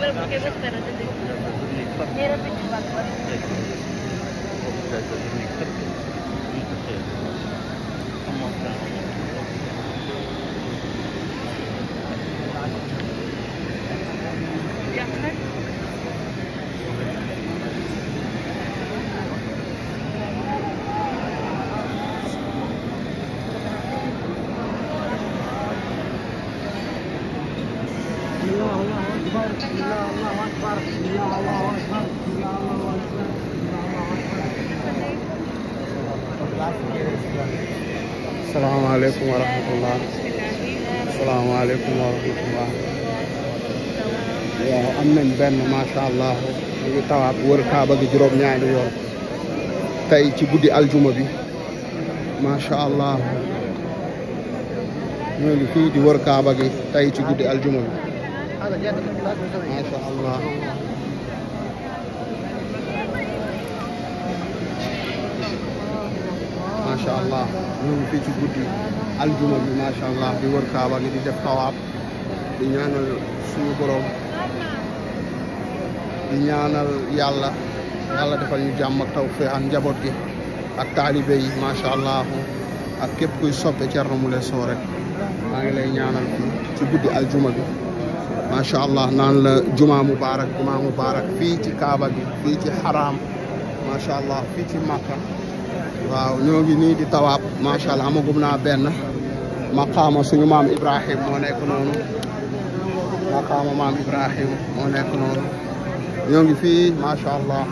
Well, porque vos para te digo. Quiero que te vas para. Como está. ren macha allah mu ngi tawaat wër kaaba gi juróom-ñaari yoon tey ci guddi aljuma bi macha allah ñoo ngi fii wër kaaba gi tey ci guddi aljuma bi macha allah. macha allah ci guddi aljuma bi macha allah di wër kaaba gi di def tawaab di ñaanal suñu borom. di ñaanal yàlla yàlla defal ñu jàmm ak tawfeex njaboot gi ak taalibe yi macha allah ak képp kuy soppe Thierno Moule Sow rek maa ngi lay ñaanal ci guddi aljuma bi macha allah naan la juma mubarak juma mubarak fii ci Kaaba bi fii ci Haram macha allah fii ci Makka waaw ñoo ngi nii di tawaab macha allah amagum naa benn maqaama suñu maam Ibrahim moo nekk noonu maqaama noonu. ñoo ngi fii macha allah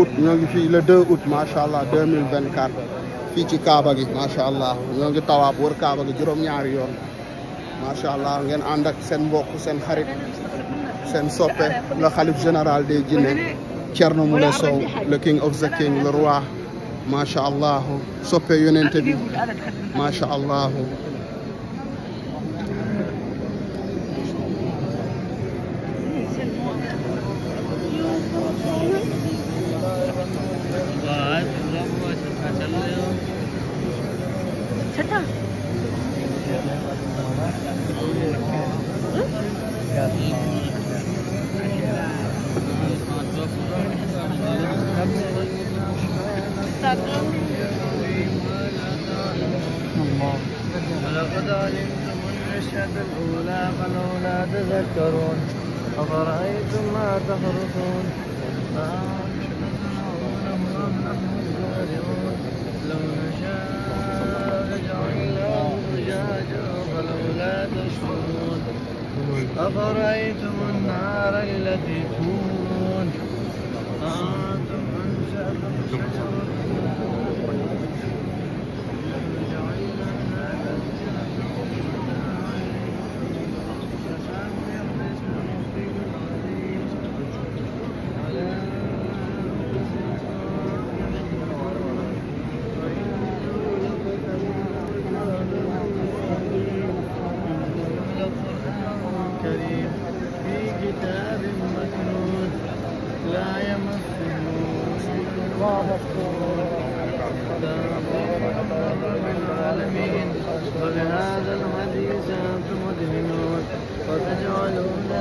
août ñoo ngi fii le 2 août macha allah 2024 fii ci Kaaba gi macha allah ñoo ngi tawaab wër Kaaba gi juróom-ñaari yoon macha allah ngeen ànd ak seen mbokk seen xarit seen soppe le xalif général de jinne Thierno Moule Sow le king of the king le roi macha allah soppe yonente bi macha allah. आज blog हुआ छठा चल रहे हो छठा ولقد علمتم النشأة الأولى فلولا تذكرون أفرأيتم ما تخرصون تشركون أفرأيتم النار التي تون أنتم أنشأتم شجرتها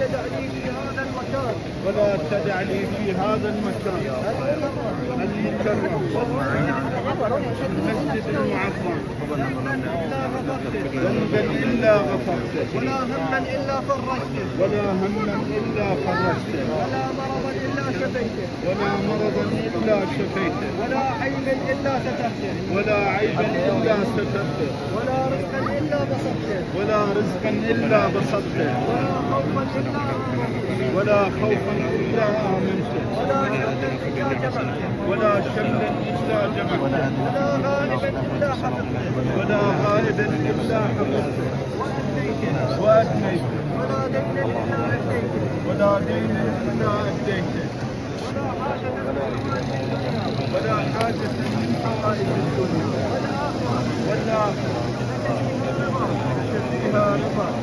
تدعني في هذا المكان ولا تدعني في هذا المكان اللي يكرم المسجد المعظم ذنبا الا غفرته ولا هما الا فرجته ولا هما الا فرجته ولا مرضا كفيته ولا مرضا إلا شفيته ولا عينا إلا سترته ولا عيبا إلا سترته ولا رزقا إلا بسطته ولا رزقا إلا بسطته ولا خوفا إلا آمنته ولا خوفا إلا آمنته ولا حزنا إلا جمعته ولا شملا إلا جمعته ولا غالبا إلا حفظته ولا غالبا إلا حفظته وأثنيته ولا دينا إلا أديته ولا دين إلا أديته ولا حاجة من حقائق الدنيا ولا فيها رضا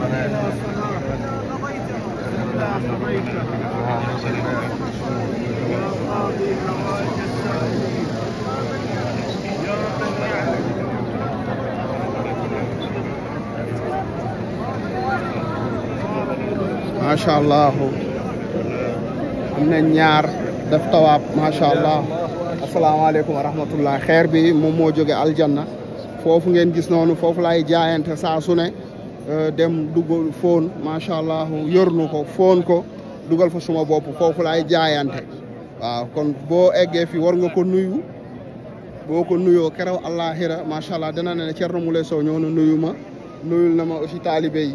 ولا صلاح إلا قضيتها يا قاضي حوائج السائلين يا رب العالمين ما شاء الله dinañ ñaar def tawaab macha allah asalaamaaleykum wa rahmatullah xeer bi moom moo jóge aljanna foofu ngeen gis noonu foofu laay jaayante saa su ne euh, dem dugal foon macha allah yornu ko foon ko dugal fa suma bopp foofu laay jaayante waaw kon boo eggee fi war nga ko nuyu boo ko nuyoo keroog àllaaxira macha allah dana ne Thierno Moule Sow ñoo na nuyu ma nuyul na ma aussi taalibe yi.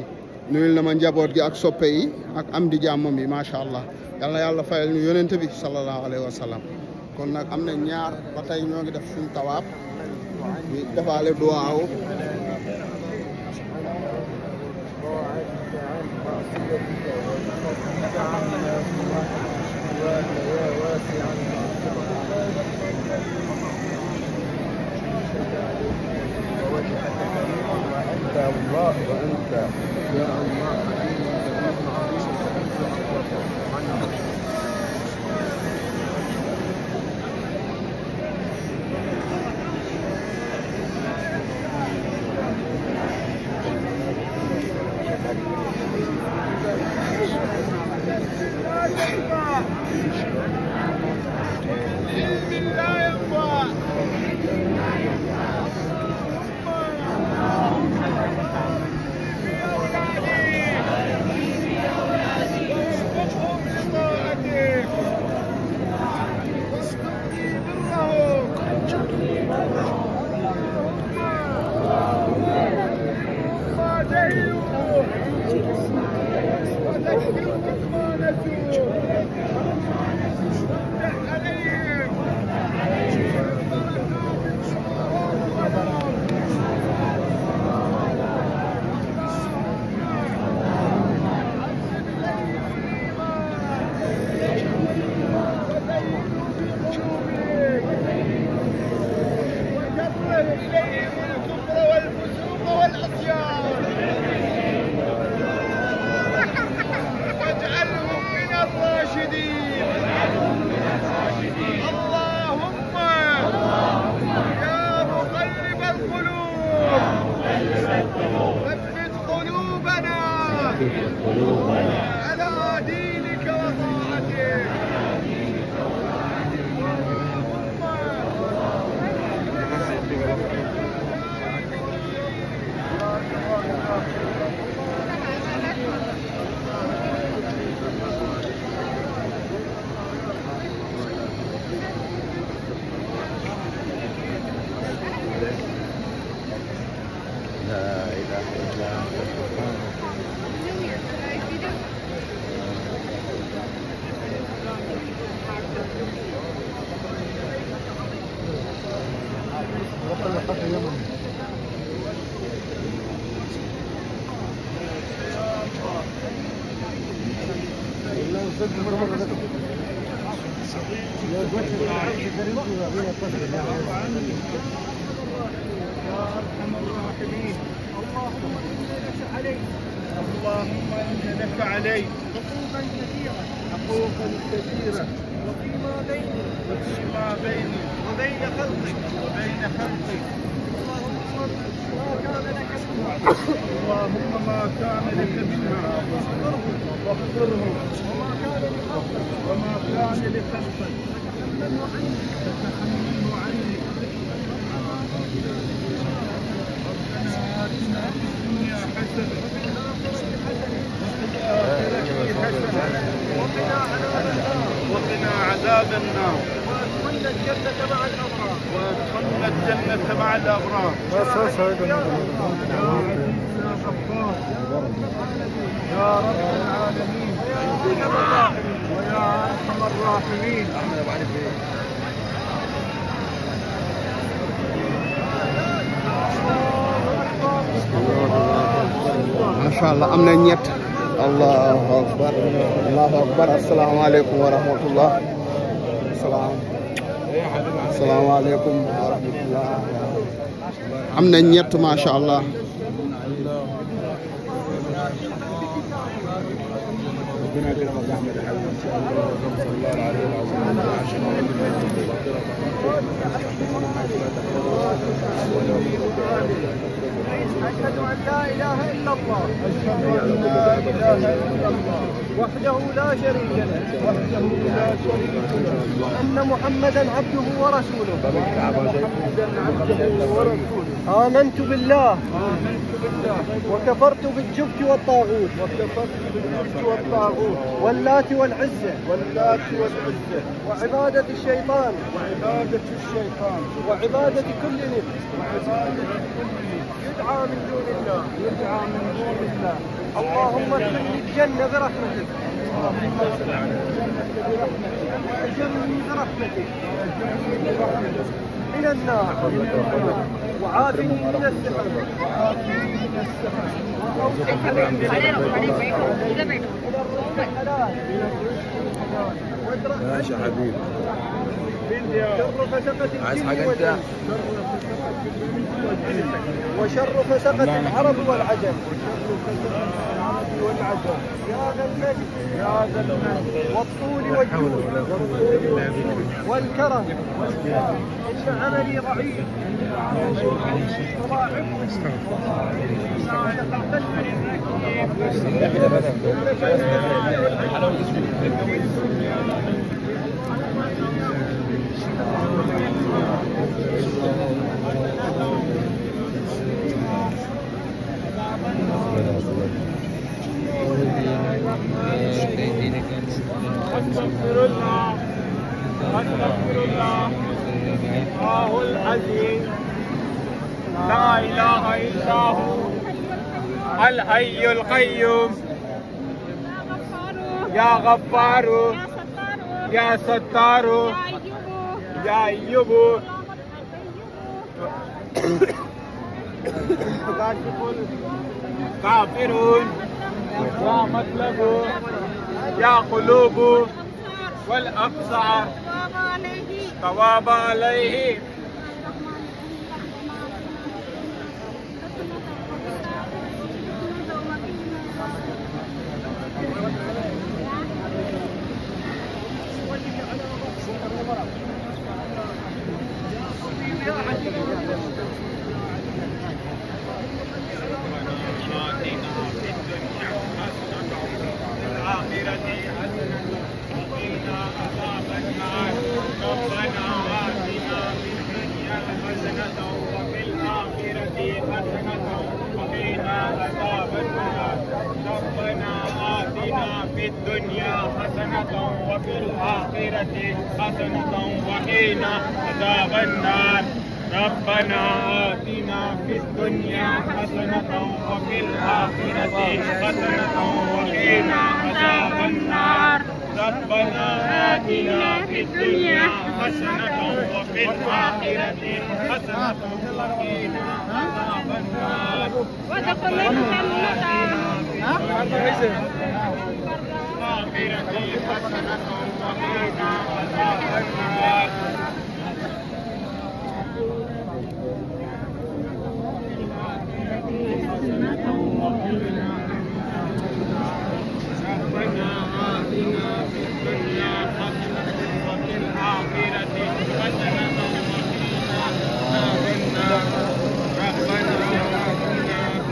nuyul na ma njaboot gi ak soppe yi ak am di jàmmam yi macha allah yal yàlla fayal ñu yonent bi sallallahu alayhi wa kon nag am na ñaar ba tey ñoo ngi def suñu tawaab ñu defaale duwaaw وأنت الله واغفره وما كان لخلقك تتخلى عنه وقنا عذاب النار وادخلنا الجنة مع الأبرار وادخلنا الجنة مع الأبرار يا رب العالمين ويا أرحم الراحمين Oh macha allah am na ñett allahu akbar allahu akbar asalaamaaleykum wa rahmatullah salaam asalaamaaleykum wa rahmatullah am na ñett macha allah أشهد أن لا إله إلا الله أشهد أن لا إله إلا الله وحده لا شريك له وحده لا شريك له وأن محمدا عبده ورسوله محمدا عبده ورسوله آمنت بالله آمنت بالله وكفرت بالجبت والطاغوت وكفرت بالجبت والطاغوت واللات والعزة واللات والعزة وعبادة الشيطان وعبادة الشيطان وعبادة كل نفس وعبادة كل نفس يدعى من دون الله يدعى من دون الله اللهم ادخل الجنة برحمتك اللهم ادخل الجنة برحمتك من النار وعافني من السحر وعافني من السحر وارزقني من الحلال ماشي يا حبيبي عايز حاجة أنت؟ وشرف سقة العرب والعجم والعجم يا ذا المجد يا ذا المجد والطول والجود والكرم إن عملي ضعيف ضاعف أستغفر الله أستغفر الله الله العظيم لا إله إلا هو الحي القيوم يا غفار يا ستار يا أيوب كافرون يا مطلب يا قلوب والأقصى ثواب عليه করাবো في الدنيا حسنة وفي الآخرة حسنة وقنا عذاب النار ربنا آتنا في الدنيا حسنة وفي الآخرة حسنة وقنا عذاب النار ربنا آتنا في الدنيا حسنة وفي الآخرة حسنة وقنا عذاب النار ودخلنا الجنة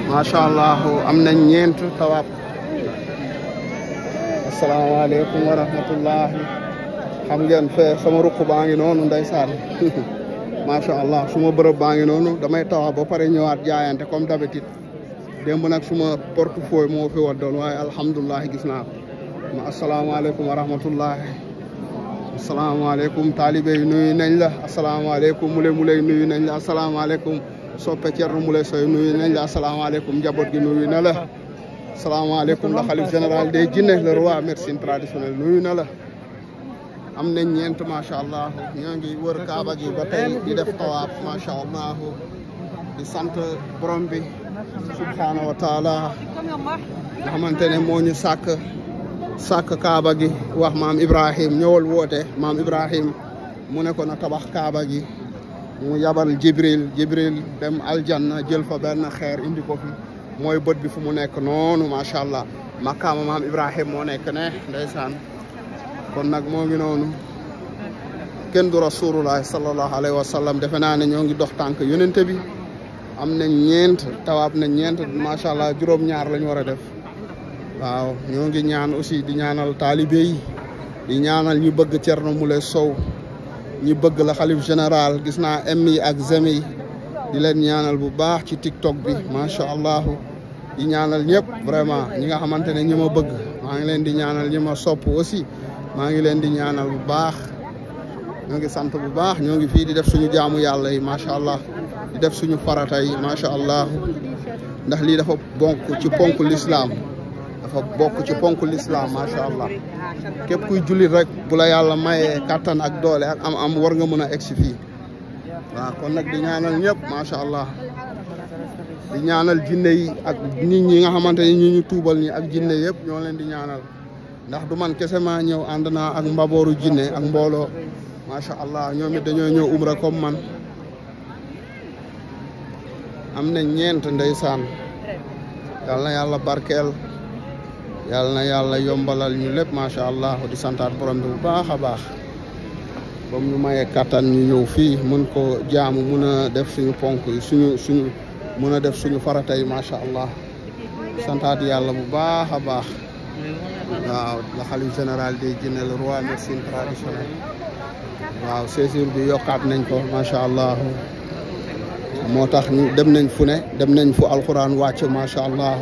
macha allah am nañ ñeent tawaab asalaamaaleykum wa rahmatullah xam ngeen fee sama ruq baa ngi noonu ndeysaan macha allah suma bërëb baa ngi noonu damay tawa ba pare ñëwaat jaayante comme d'habitude démb nag suma portefeuille moo fi war waaye alhamdulilah gis naa ma asalaamaaleykum wa rahmatullah asalaamaaleykum taalibe yi nuyu nañ la asalaamaaleykum mule muley nuyu nañ la asalaamaaleykum soppe Cerno Mulay Soy nuyu nañ la asalaamaaleykum njaboot gi nuyu na la salaamaaleykum la xalif général des jinne le roi médecine traditionnelle na la am nañ ñeent macha allah ñoo ngi wër kaaba gi ba tey def tawaaf macha allah di sant borom bi subhaanahu wa taala nga xamante ne mooñu ñu sàkk kaaba gi wax maam ibrahim ñëwal woote maam ibrahim mu ne ko na tabax kaaba gi mu yabal jibril jibril dem aljanna jël fa benn xeer indi fi mooy bët bi fu mu nekk noonu macha allah makkaama maam Ibrahim moo nekk ne ndeysaan kon nag moo ngi noonu kenn du rasulullah sallallahu alayhi wa sallam defe naa ne ñoo ngi dox tànk yonente bi am na ñeent tawaab na ñeent macha allah juróom-ñaar la ñu war a def waaw ñoo ngi ñaan aussi di ñaanal taalibe yi di ñaanal ñu bëgg Thierno Moule Sow ñu bëgg la xalif général gis naa em ak zem di leen ñaanal bu baax ci tiktok bi macha allah di ñaanal ñëpp vraiment ñi nga xamante ne ñi ma bëgg maa ngi leen di ñaanal ñi ma sopp aussi maa ngi leen di ñaanal bu baax ñoo ngi sant bu baax ñoo ngi fii di def suñu jaamu yàlla yi macha allah di def suñu farata yi macha allah ndax lii dafa bonk ci ponk lislaam dafa bokk ci ponk lislaam macha allah képp kuy jullit rek bu la yàlla mayee kàttan ak doole am am war nga mun a egsi fii waaw kon nag di ñaanal ñëpp macha allah di ñaanal jinne yi ak nit ñi nga xamante ni ñu ñu tuubal ñi ak jinne yëpp ñoo leen di ñaanal ndax du man kese maa ñëw ànd ak mbabooru jinne ak mbooloo macha allah ñoom it dañoo ñëw umra comme man am na ñeent ndeysaan yal na yàlla barkeel yal na yàlla yombalal ñu lépp macha allah di santaat borom bi bu baax a baax. ba mu ñu mayee kàttan ñu ñëw fii mun ko jaamu mun a def suñu ponk yi suñu suñu mun a def suñu faratay yi macha allah santaat yàlla bu baax a baax waaw la xalif général des jinne le roi médecine traditionnel waaw séjour bi yokkaat nañ ko macha allah moo tax ñu dem nañ fu ne dem nañ fu alquran wàcc macha allah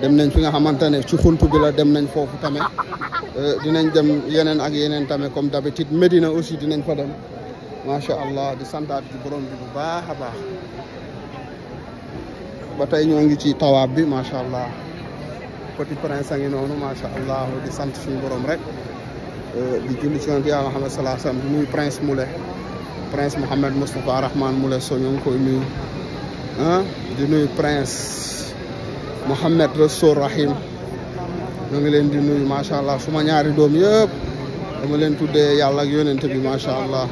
dem nañ fi nga xamante ne ci xunt bi la dem nañ foofu tamit euh, dinañ dem yeneen ak yeneen tamit comme d'habitude Medina aussi dinañ fa dem macha allah di santaat ci borom bi bu baax a baax ba tey ñoo ngi ci tawaab bi macha allah petit prince a ngi noonu macha allah di sant suñu borom rek euh, di julli ci yonent Yàlla Muhammad sa alayhi wa sallam muy prince Moulé prince Mouhamed Moustapha Rahman Moulé so ñoo ngi koy nuyu ah, di nuyu prince. Mouhamed Rassoul Rahim ñu ngi leen di nuyu macha allah suma ñaari doom yëpp dama leen tuddee yàlla ak yonent bi allah.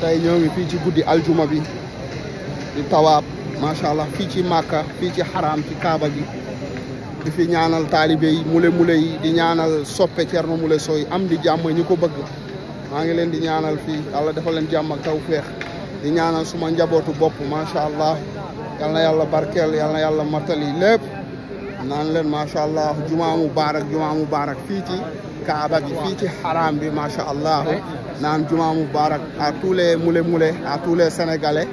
tey ñoo ngi fii ci guddi aljuma bi di tawaab macha allah fii ci Màkka fii ci xaraam ci Kaaba gi di fi ñaanal taalibe yi mule mule yi di ñaanal soppe Thierno Moule Sow am di jàmm ñu ko bëgg. maa ngi leen di ñaanal fii yàlla defal leen jàmm ak tawféex di ñaanal suma njabootu bopp macha allah yal na yàlla barkeel yal yàlla matali lépp naan leen macha allah jumaa mubaarak jumaa mubaarak fii ci kaaba gi fii ci haram bi macha allah naan jumaa mubaarak à tous les mule mule à tous les sénégalais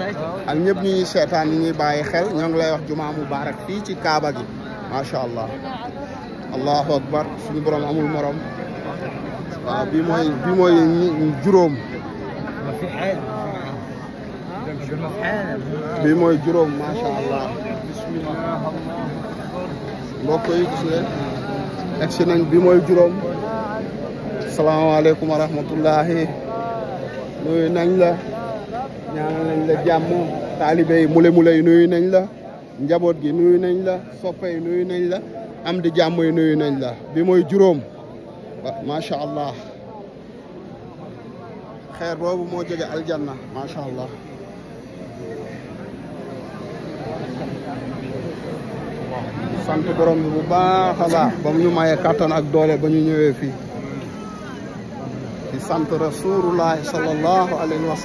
ak ñëpp ñi seetaan ñi ñuy bàyyi xel ñoo ngi lay wax jumaa mubaarak fii ci kaaba gi macha allah allahu akbar suñu borom amul morom. waaw bii mooy bii mooy juróom. bii mooy juróom macha allah. mbokk yi nañ bii mooy juróom. salaamaaleykum wa rahmatullahi. nuyu nañ la. ñaanal nañ la jàmm. taalibe mule mule yi nuyu nañ la. njaboot gi nuyu nañ la soppe yi nuyu nañ la. am di jàmm yi nuyu nañ la bi mooy juróom. macha allah xeer boobu moo jóge aljanna macha allah sant borom bu baax a baax ba mu ñu mayee kàttan ak doole ba ñu ñëwee fii di sant rasulullahi sallallahu alayhi wa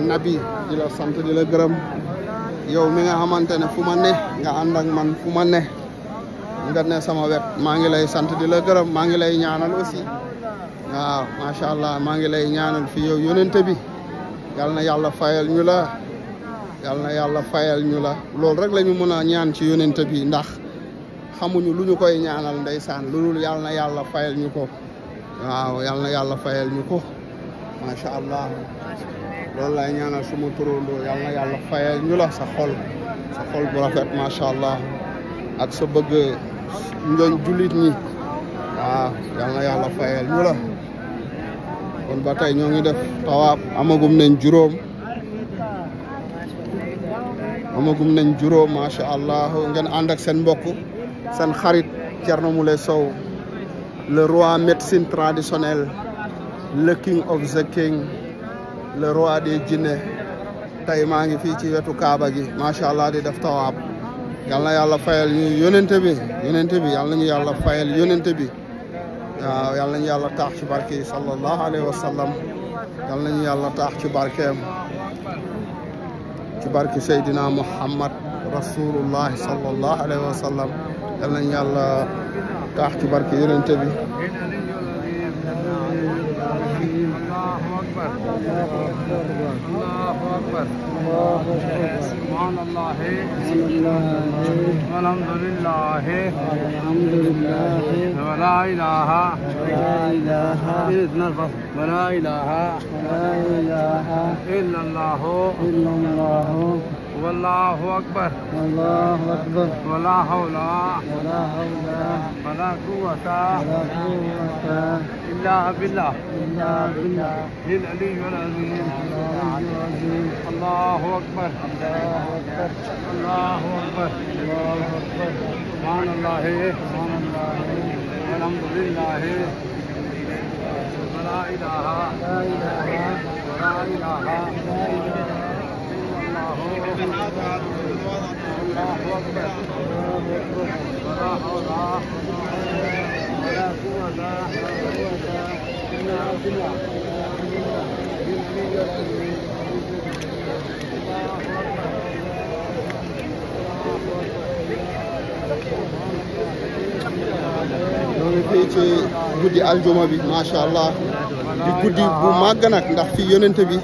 nabi di sant di la gërëm yow mi nga xamante ne fu ma ne nga ànd man fu ma ne nga ne sama wet maa ngi lay sant di la gërëm maa ngi lay ñaanal aussi waaw macha allah maa ngi lay ñaanal fi yow yónente bi yal na yàlla fayal ñu la yal na yàlla fayal ñu la loolu rek la ñu mën a ñaan ci yónente bi ndax xamuñu lu ñu koy ñaanal ndeysaan lu loolu yal na yàlla fayal ñu ko waaw yal na yàlla fayal ñu ko macha allah loolu lay ñaanal suma turandoo yal na yàlla fayal ñu la sa xol sa xol macha allah ak sa bëgg njoñ jullit ñi waaw ah, yal na yàlla fayal kon ba tey ñoo ngi def tawaab amagum nañ juróom amagum nañ juróom macha allah ngeen ànd ak seen mbokku seen xarit Thierno Moule Sow le roi médecine traditionnelle le king of the king le roi des jinne tey maa ngi fii ci wetu Kaaba gi macha allah di def tawaab yal na yàlla fayal ñu yónente bi yónente yal nañu yàlla fayal yónente bi waaw yal nañu yàlla taax ci barke yi sallallahu alayhi wa sallam yal nañu yàlla taax ci barkeem ci barke Seydina Muhammad rasulullah sallallahu alayhi wa yal nañu yàlla taax ci barke yónente bi سبحان الله سبحان الله والحمد لله الحمد لله ولا إله ولا إله إلا الله ولا إله ولا إله إلا الله إلا الله والله أكبر الله أكبر ولا حول ولا حول ولا قوة ولا قوة إلا بالله إلا بالله للعلي العظيم الله أكبر الله أكبر الله أكبر الله أكبر سبحان الله سبحان الله والحمد لله ولا إله ولا إله ولا إله ñoo ngi fii ci guddi aljuma bi macha allah di guddi bu màgg nag ndax fi yonente bi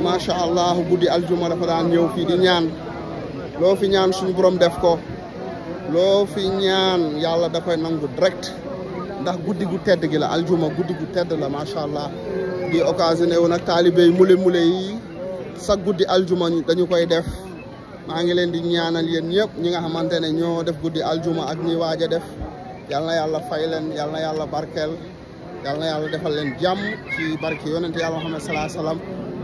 macha allah guddi aljuma dafa daan ñëw fii di ñaan loo fi ñaan suñu borom def ko loo fi ñaan yàlla da koy nangu direct ndax guddi gu tedd gi la aljuma guddi gu tedd la macha allah di occasionné wu nag taalibe yi mule mule yi sa guddi aljuma dañu koy def maa ngi leen di ñaanal yéen ñëpp ñi nga xamante ne ñoo def guddi aljuma ak ñi waaj a def yàlla yàlla fay leen yal yàlla barkeel yal na yàlla defal leen jàmm ci barke yonente yàlla Muhammad salaa salaam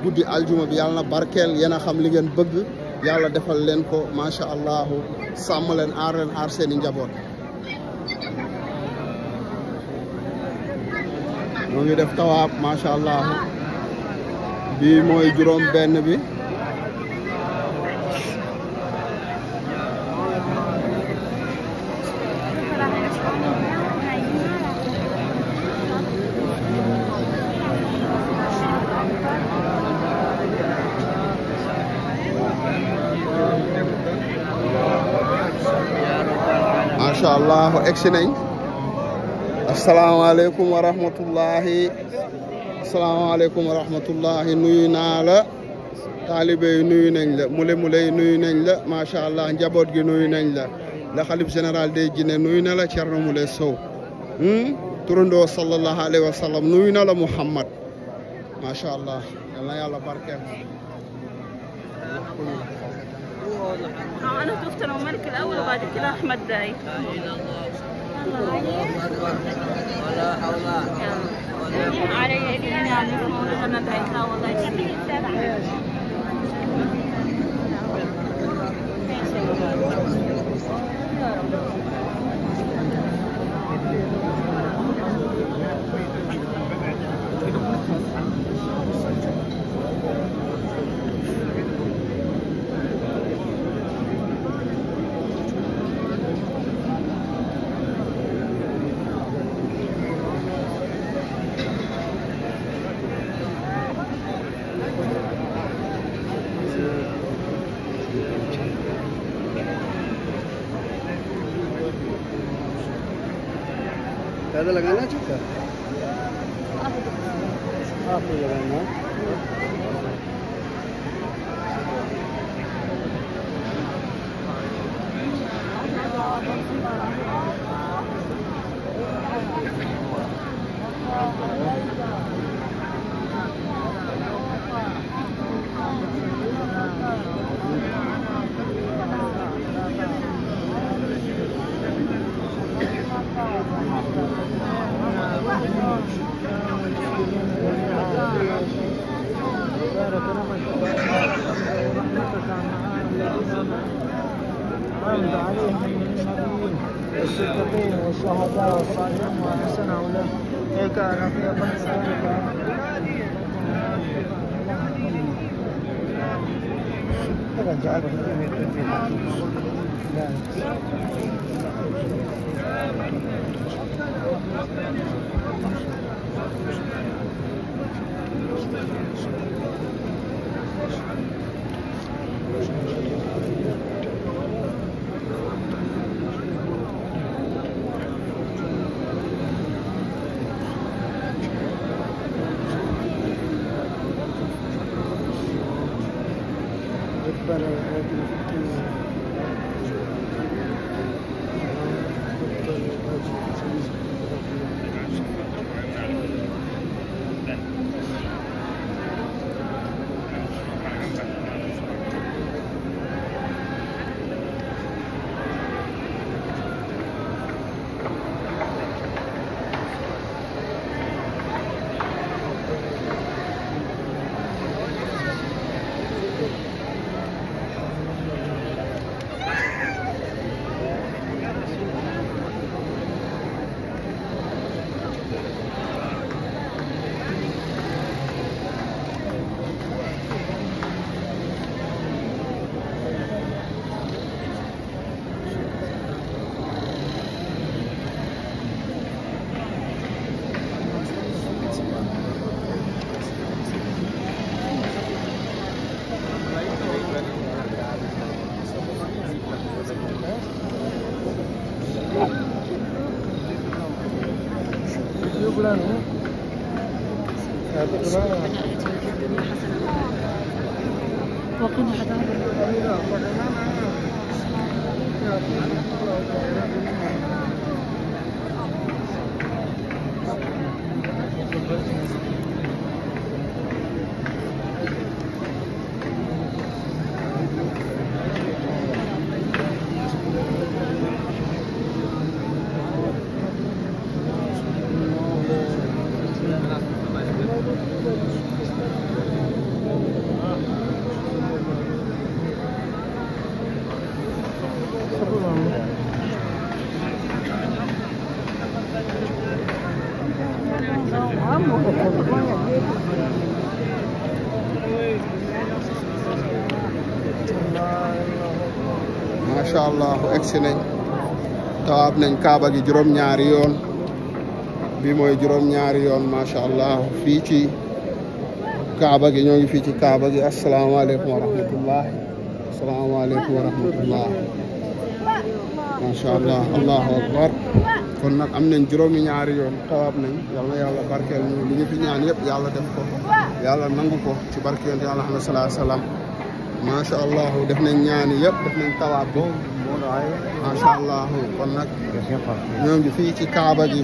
guddi aljuma bi yàlla na barkeel yéen a xam li ngeen bëgg yàlla defal leen ko macha allah sàmm leen aar leen aar seen njaboot. moo ngi def tawaab macha allah bi mooy juróom benn bi. egsi nañ asalaamaaleykum wa rahmatullahi asalaamaaleykum wa rahmatullahi nuyu naa la taalibe yi nuyu nañ la mule mule nuyu nañ la macha allah njaboot gi nuyu nañ la la xalif général de Jinne nuyu na la Thierno Moule Sow hmm? turandoo sallallahu alayhi wa sallam nuyu la Muhammad انا شفت انا الملك الاول وبعد كده احمد داي ولا حول علي يدين يعني اسمه انا بعتها والله كبير Thank you. लगाना चुका आपको लगाना macha allah egsi nañ tawaab nañ kaaba gi juróom-ñaari yoon bi mooy juróom-ñaari yoon macha allah fii ci kaaba gi ñoo ngi fii ci kaaba gi asalaamaaleykum wa wa rahmatullah macha allah allahu akbar kon nag am nañ juróomi ñaari yoon tawaab nañ yàlla yaa barkeel ñu li ñu fi ñaan yëpp yàlla def ko yàlla nangu ko ci barkeel yàlla xam ne salaa salaam macha allah def nañ ñaani yëpp def nañ tawaab bi macha allah kon nag ngi fii ci Kaaba gi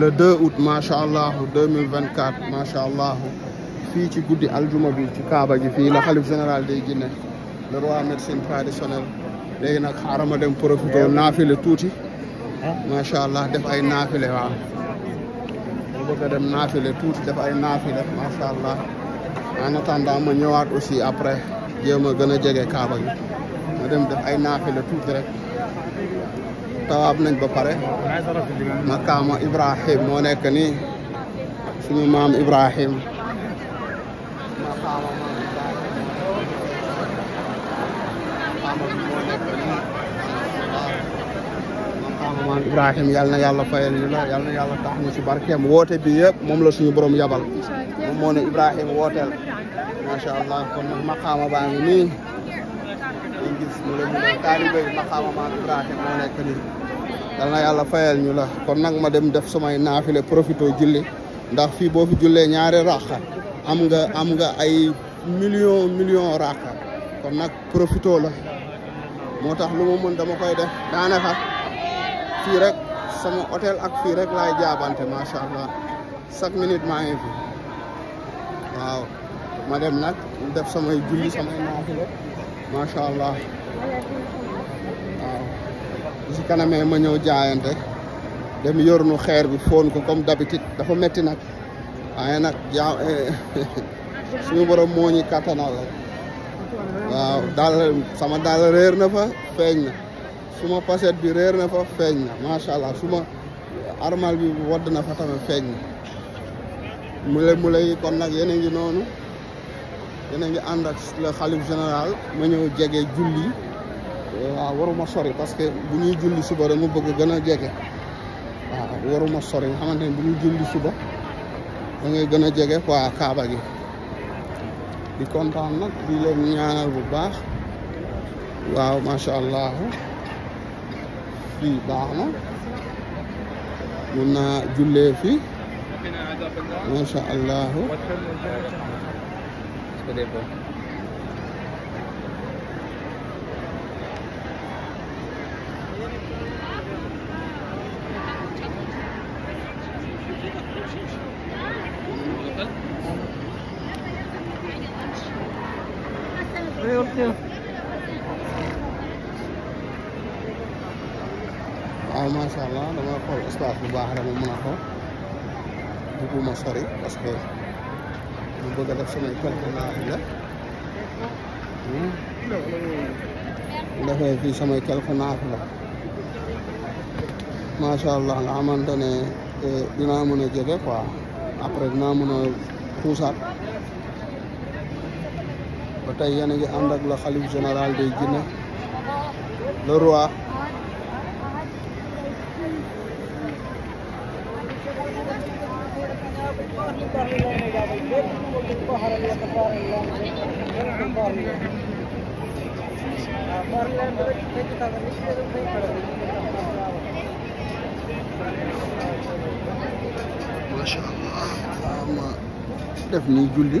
le 2 août macha allah 2024 macha allah fii ci guddi aljuma bi ci Kaaba ji fii la xalif général day Guinée le roi médecine traditionnel léegi nag xaaral ma dem profité naafile tuuti macha allah def ay naafile waaw ma bëgg a def ay tuuti def ay naafile macha allah en attendant ma ñëwaat aussi après. jéem a gën a jege kaaba gi ma dem def ay naafila tuuti rek tawaab nañ ba pare makaama Ibrahim moo nekk nii suñu maam Ibrahim yal na yàlla fayal ñu la yal na yàlla tax ñu ci barkeem woote bi yëpp moom la suñu borom yabal moom moo ne Ibrahim wooteel macha allah kon nag baa ngi nii dañ gis mu leen mu taalibe bi maqaama ngi nii dal na yàlla fayal ñu la kon nag ma dem def samay naafile profité julli ndax fii boo fi jullee ñaari raxa am nga am nga ay million million raxa kon nag profité la moo tax lu ma mën dama koy def daanaka fii rek sama hôtel ak fii rek laay jaabante macha allah chaque minute maa ngi waaw ma dem nag def samay julli samay naafila macha allah waaw si kanamee ma ñëw jaayante dem yornu xeer bi foon ko comme d'habitude dafa metti nag waaye nag jaa eh, borom moo ñu kattanal la waaw daal sama daal réer na fa feeñ na suma paset bi réer na fa feeñ na macha allah suma armal bi wadd na fa tamit feeñ na mu lay mu lay kon nag yéen a ngi noonu yéen a ngi ànd ak le xalif général ma ñëw jege julli waaw waruma sori parce que bu ñuy julli suba rek mu bëgg gën a jege waaw waruma sori nga xamante ne bu ñuy julli suba da ngay gën a jege waa Kaaba gi di kontaan nag di leen ñaanal bu baax waaw macha allah fii baax na mun naa jullee fii macha allah. que des bons. waaw macha allah dama xool espace bu baax rek mu mën a xool bugguma sori parce que. mu def samay quelque naafila mu defee fii samay quelque naafila macha allah nga xamante ne eh, dinaa mën a jege quoi après dinaa mën a xuusaat ba tey yéen a ngi ànd ak la xalif général day jinne le roi macha allah ma def nii julli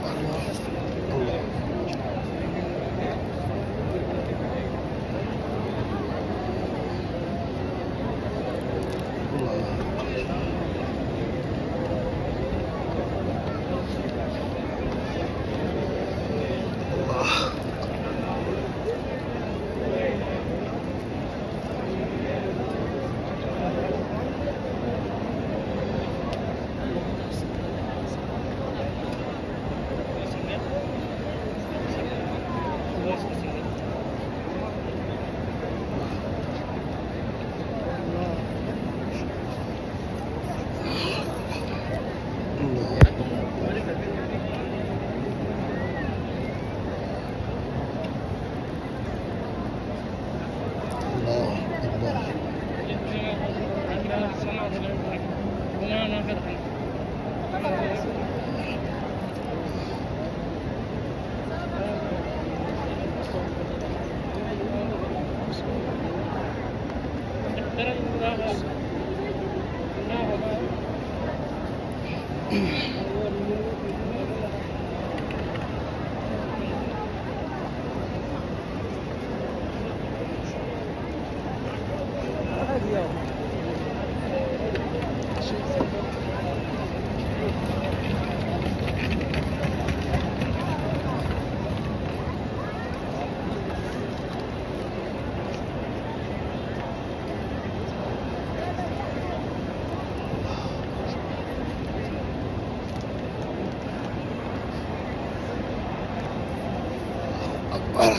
akbar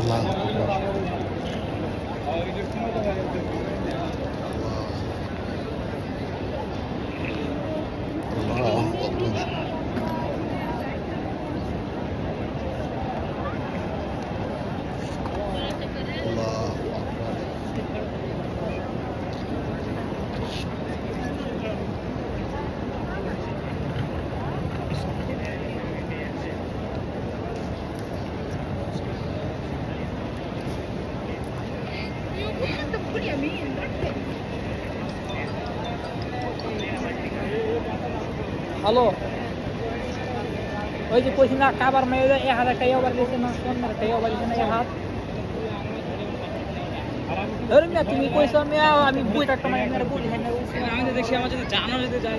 Allahu akbar hello ওই যে কইছি না কাবার মেয়ে এ হাতে কাইয়া বার দিছে না কোন মারে কাইয়া বার দিছে না এ হাত ধরে মিয়া তুমি কইছো মিয়া আমি বুইটা একটা মানে বুইটা দেখছি আমার যদি জানো যদি যায়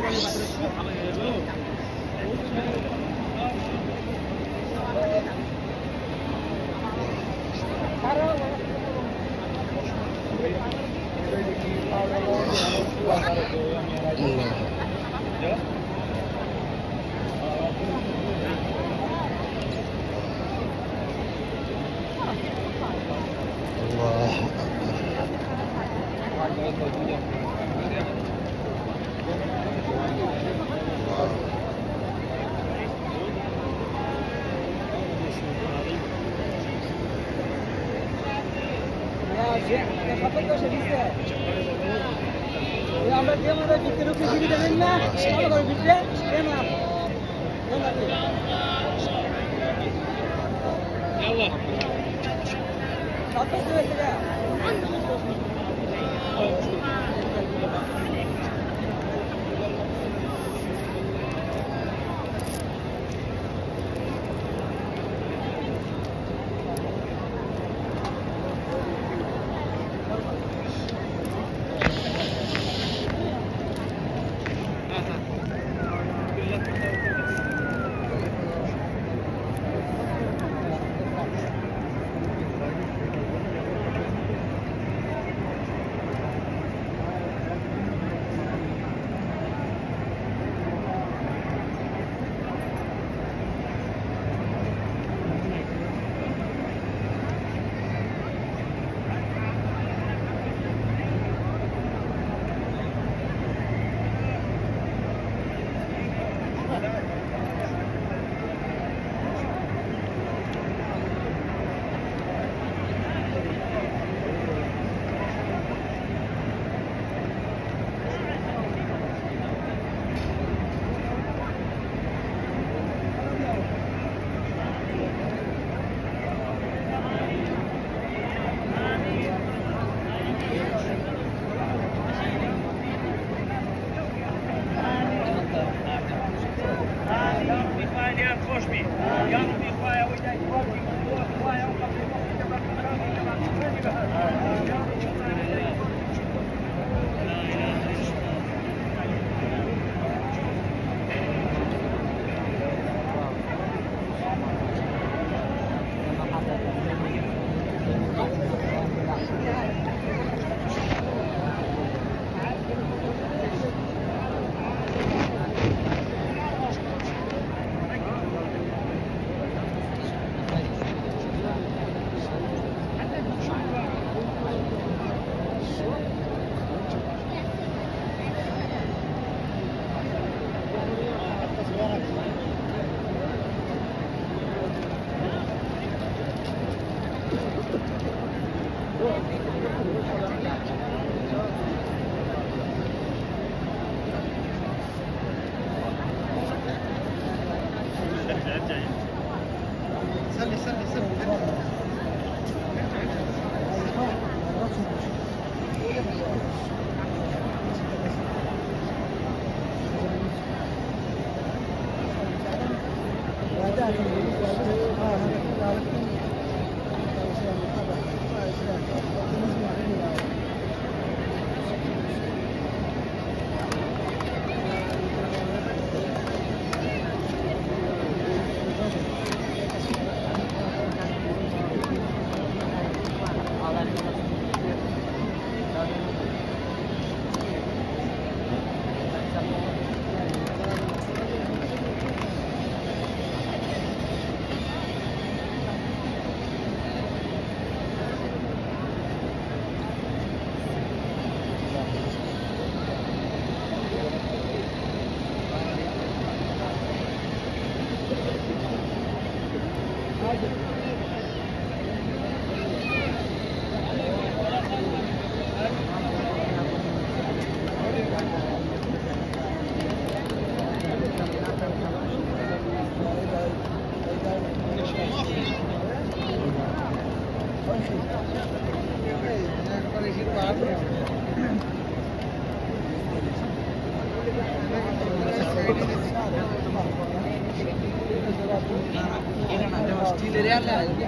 Gracias.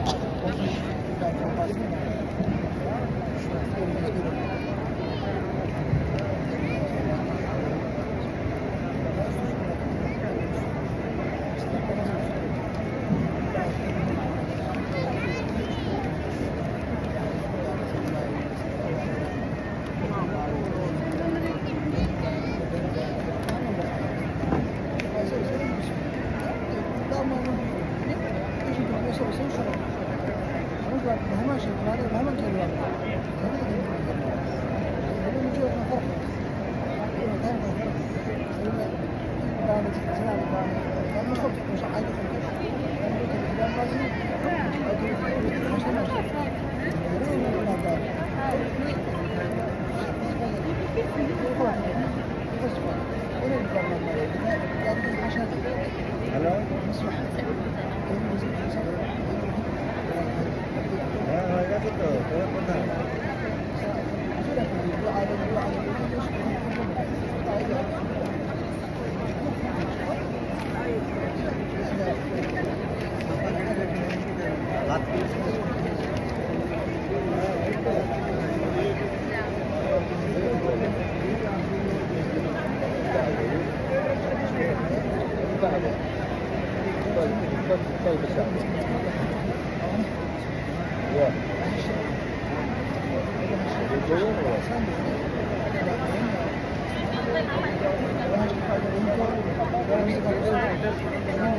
You're gonna, you're gonna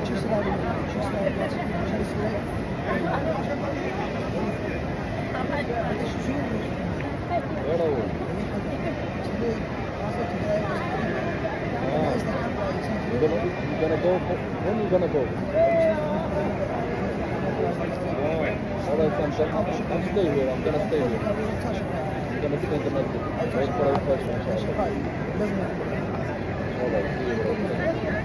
go. When are you gonna go? Yeah. All right, I'm, I'm, I'm stay here. I'm gonna stay here. I'm gonna stay connected. Wait for a question. All right. See you.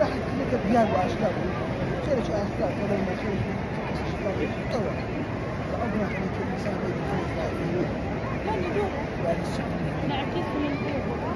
راح يتكلف ابنائه واشكاله خيرش اشكال بدل ما خيرش اشكال تطور ربنا يخليك الانسان يكون يعني نعم كيف من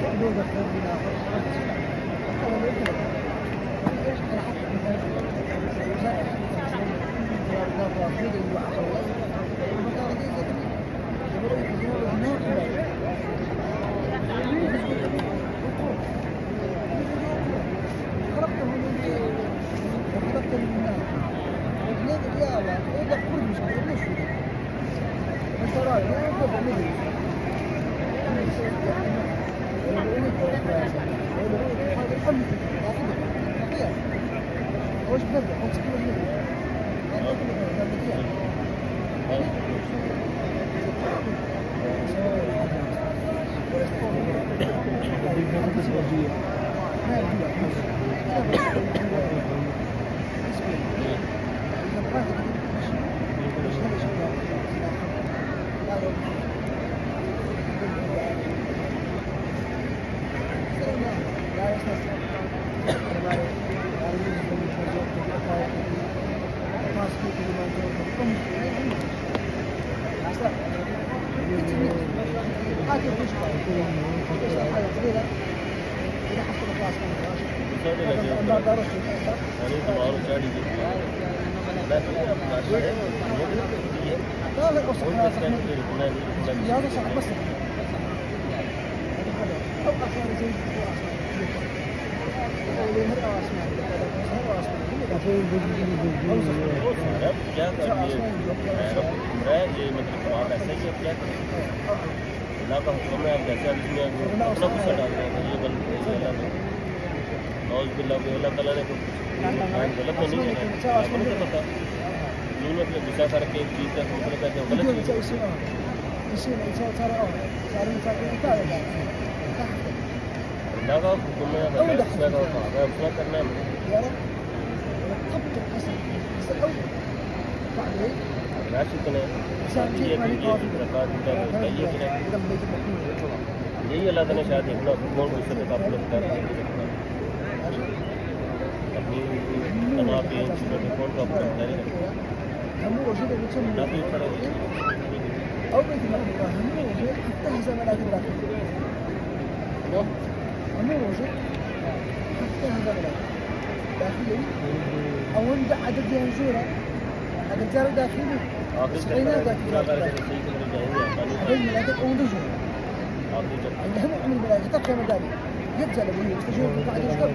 Thank you. सारे लगे और एक और गाड़ी क्या कर मैं ये मतलब आप ऐसा ही क्या करें अल्लाह का हुक्म है आप जैसे इसमें अपना गुस्सा डाल रहे हैं ये बंद नहीं है ಹೌಸ್ ಬಿಲ್ ಆಗು ಎಲ್ಲ ತಲನೇ ಕೊಟ್ಟು ಎಲ್ಲ ಕೊಡ್ತಾ ನೀವು ಮತ್ತೆ ಬಿಸಾಕಾರಕ್ಕೆ ಚೀಸ್ ಕೊಡ್ಬೇಕಾದ್ರೆ लगा हुकुम है मैं अपना करना है अपना करना है لا شكرا هي لا تنشأت هنا كون وصلت قبل الدار Tanapi inch 24 cup container. Tanapi inch داخلي او انت عدد جهه زيره عدد زيره داخلي سقيناه داخلي قبل ملاقات اول جهه عندهم عمل ملاقات كما قالوا يتجلب ويستجيب وبعد يشرب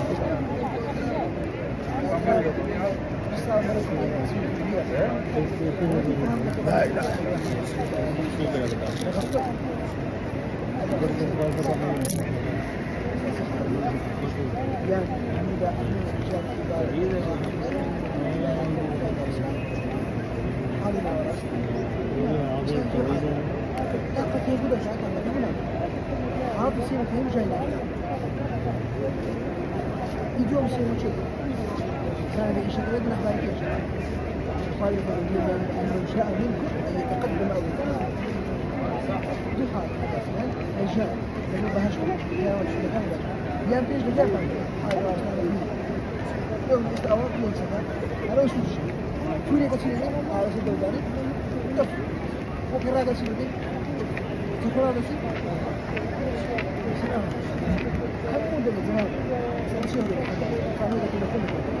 Hafızayla kayıp şeyler. Gidiyor musun maçı? كان يشغلنا ذلك الشيء طالب لمن من شاء منكم ان يتقدم او يتاخر دفعه مثلا ان شاء لم يبهش يا ولد هذا يا بيش بدافع هذا يوم الدعوات من سنه على وش الشيء كل قتيل على سد الداري تفر وقراءة سيدي تقرأ سيدي هم من الزمان سنشهر الحدث قانون كل كل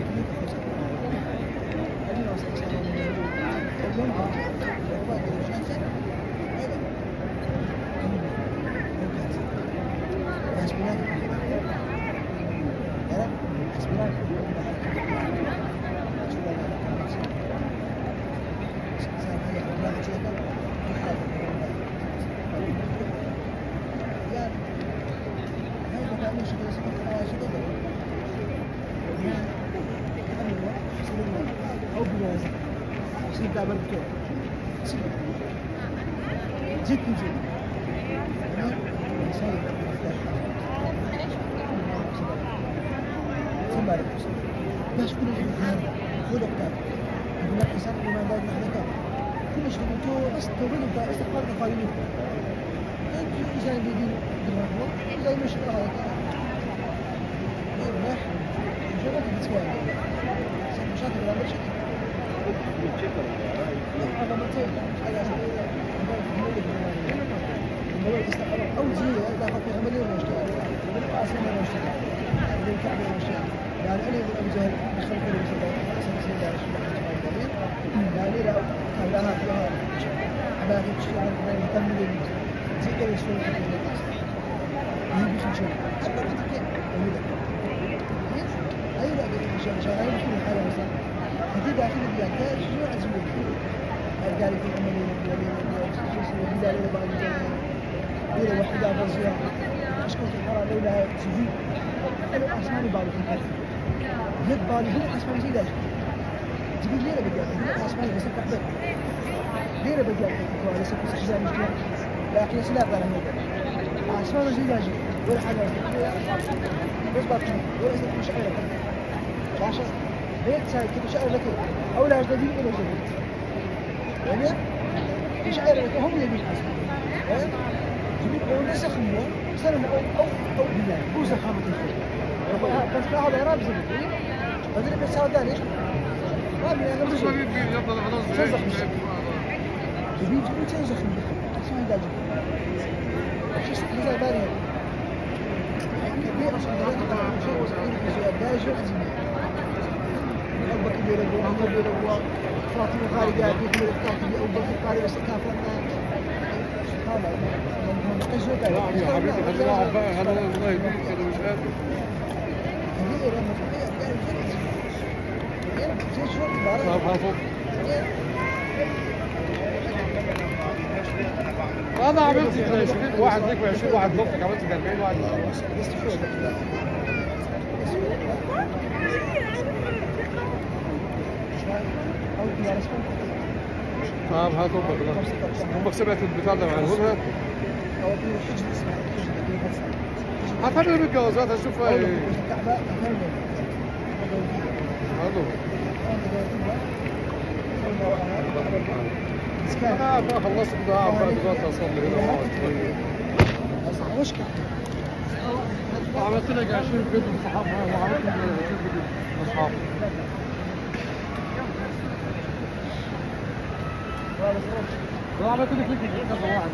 Thank you. وليس استحزاء بالجهاد لكن سلاح على هذا اسماء زجاجي ولا حاجه بس باطل ولا مش عارف عشان بيت ساكت مش عارف او لا جديد ولا جديد يعني مش عارف هم اللي بيحاسبوا وليس خموه سلم او او او بالله بوزه خابط الخير كانت في احد عرب زي هذا اللي بيصير داري ما بيعرفش Didn't you tell us? That's my dad. Just he's a bad guy. كبير عشان درجة طبعا مشوه صغير في زي الداجة أبو بكر بيرد وعمر بيرد فاطمة خالد قاعد بيرد فاطمة أبو بكر قاعد بس كان فلان سبحان الله يا حبيبي خلينا عباء هذا الله يبارك هذا مش قادر كبير أنا صغير يعني زي شو بعرف انا عملت 20 واحد ليك و20 واحد لطفك عملت 40 واحد طب هات امك امك سمعت البتاع ده معلومها هتعمل ايه بالجوازات هشوف ايه هاتوا انا خلصت بقى عمال دلوقتي اصلي هنا مشكله عملت لك 20 فيديو لصحابها وعملت لك 20 فيديو لاصحابي وعملت لك كذا واحد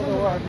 كذا واحد